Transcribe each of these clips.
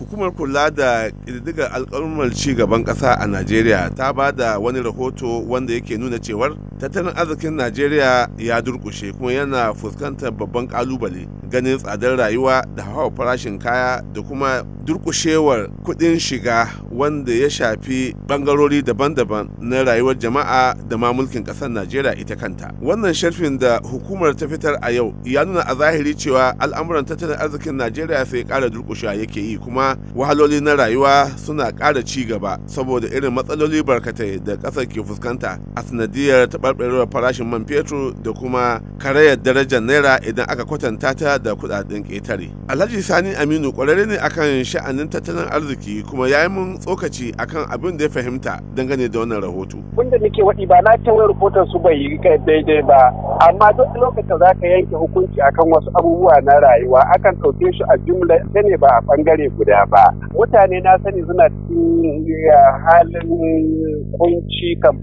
hukumar kula da ƙididdigar alƙalmar ci gaban ƙasa a najeriya ta ba da wani rahoto wanda yake nuna cewar tattalin arzikin najeriya ya durkushe kuma yana fuskantar babban kalubale ganin tsadar rayuwa da hawa farashin kaya da kuma durkushewar kudin shiga wanda ya shafi bangarori daban-daban na rayuwar jama'a da ma mulkin kasar najeriya ita kanta wannan sharfin da hukumar ta fitar a yau ya nuna a zahiri cewa al'amuran tattalin arzikin najeriya sai kara durkushewa yake yi kuma wahaloli na rayuwa suna kara ci gaba saboda irin matsaloli barkatai da kasar ke fuskanta a sanadiyar taɓa taɓarɓarewar farashin man fetur da kuma karayar darajar naira idan aka kwatanta ta da kuɗaɗen ƙetare alhaji sani aminu ƙwararre ne akan sha'anin tattalin arziki kuma ya yi mun tsokaci akan abin da ya fahimta dangane da wannan rahoto wanda nake waɗi ba na ta rahoton su bai yi daidai ba amma duk lokacin za ka yanke hukunci akan wasu abubuwa na rayuwa akan ɗauke shi a jumla ta ne ba a ɓangare guda ba mutane na sani suna cikin eh, halin kunci kan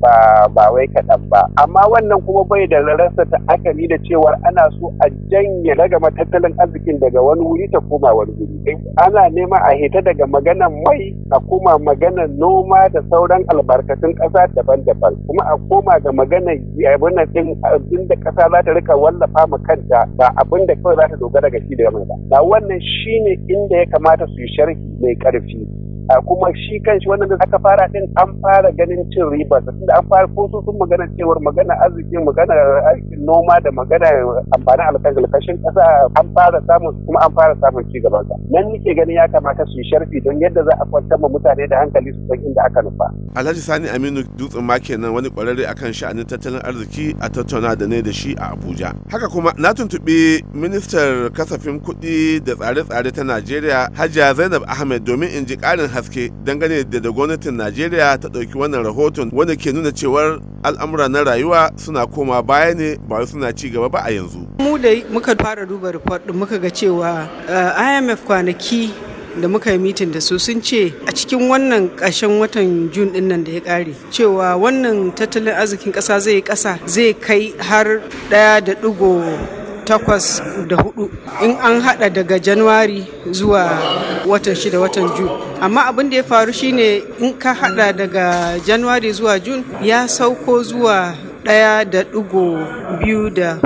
ba wai kaɗan ba amma wannan kuma bai da rasa akali da cewar ana so a janye daga matattalin arzikin daga wani wuri ta koma wani wuri ana nema a hita daga maganan mai a koma maganan noma da sauran albarkatun ƙasa daban-daban kuma a koma ga maganan abin din abin da ƙasa za ta rika wallafa ma kanta ba abin da kawai za ta dogara ga shi da mai ba wannan shine inda ya kamata su yi sharhi mai ƙarfi a kuma shi shi wannan da aka fara din an fara ganin cin riba tunda an fara ko sun magana cewar magana arziki magana aikin noma da magana amfanin kashin kasa an fara samun kuma an fara samun ci gaba sa nan nake ganin ya kamata su yi sharfi don yadda za a kwantar ma mutane da hankali su san inda aka nufa Alhaji Sani Aminu Dutsen ma kenan wani kwararre akan sha'anin tattalin arziki a tattauna da ne da shi a Abuja haka kuma na tuntuɓi ministar kasafin kuɗi da tsare-tsare ta Najeriya Hajiya Zainab Ahmed domin in ji ƙarin haske dangane da gwamnatin najeriya ta ɗauki wannan rahoton wanda ke nuna cewar al'amura na rayuwa suna koma baya ne ba suna ci gaba ba a yanzu mu da muka fara duba report muka ga cewa eh, imf kwanaki da muka yi mitin da su sun ce a cikin wannan ƙarshen watan jun din nan da ya kare cewa wannan tattalin arzikin kasa zai ƙasa zai kai har ɗaya da ɗigo takwas da hudu in an hada daga januwari zuwa watan shida watan jun amma abin da ya faru shine in ka hada daga januwari zuwa jun ya sauko zuwa daya da dugo biyu da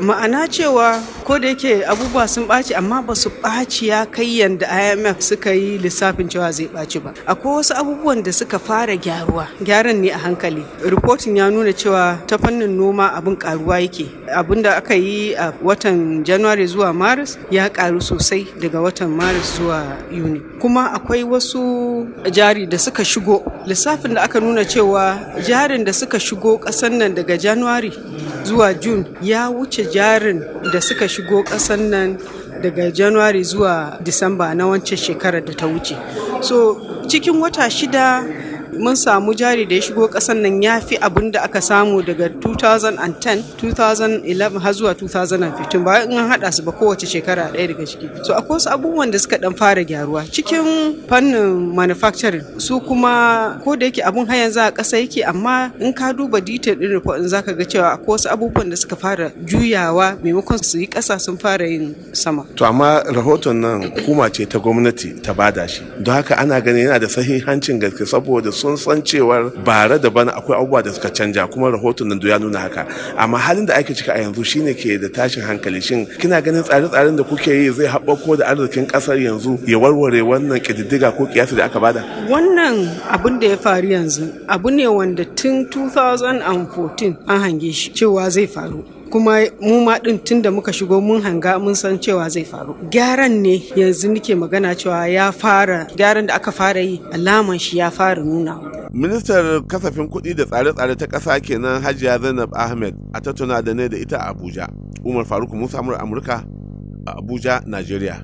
ma'ana cewa ko da yake abubuwa sun ɓaci amma ba su ɓaci ya kai yadda imf suka yi lissafin cewa zai ɓaci ba akwai wasu abubuwan da suka fara gyaruwa gyaran ne a hankali ripotin ya nuna cewa ta fannin noma abin karuwa yake abin da aka yi a watan january zuwa maris ya karu sosai daga watan maris zuwa yuni kuma akwai wasu jari da suka shigo lissafin da aka nuna cewa jarin da suka shigo ƙasan nan daga january zuwa Jun ya wuce jarin da suka shigo ƙasan nan daga January zuwa Disamba na wancan shekarar da ta wuce. So cikin wata shida mun samu jari da ya shigo kasan nan ya fi abin da aka samu daga 2010 2011 har zuwa 2015 ba in an hada su ba kowace shekara ɗaya daga ciki so akwai wasu abubuwan da suka dan fara gyaruwa cikin fannin manufacturing su kuma ko da yake abun hayan za a ƙasa yake amma in ka duba detail din report in zaka ga cewa akwai wasu abubuwan da suka fara juyawa maimakon su yi ƙasa sun fara yin sama to amma rahoton nan hukuma ce ta gwamnati ta bada shi don haka ana ganin yana da sahihancin gaske saboda sun san cewar ra da bana akwai abubuwa da suka canja kuma rahoton nan ya nuna haka amma halin da ake cika a yanzu shine ke da tashin hankali shin kina ganin tsare-tsaren da kuke yi zai haɓako da arzikin ƙasar yanzu ya warware wannan ƙididdiga ko kiyasi da aka bada wannan abin da ya faru yanzu abu ne wanda tun 2014 an hange shi cewa zai faru kuma mu ma din tunda muka shigo mun hanga mun san cewa zai faru gyaran ne yanzu nike magana cewa ya fara gyaran da aka fara yi alaman shi ya fara nuna ministar kasafin kuɗi da tsare-tsare ta ƙasa kenan hajiya zainab ahmed a tattauna da ne da ita a abuja umar faruk musa amurka a abuja nigeria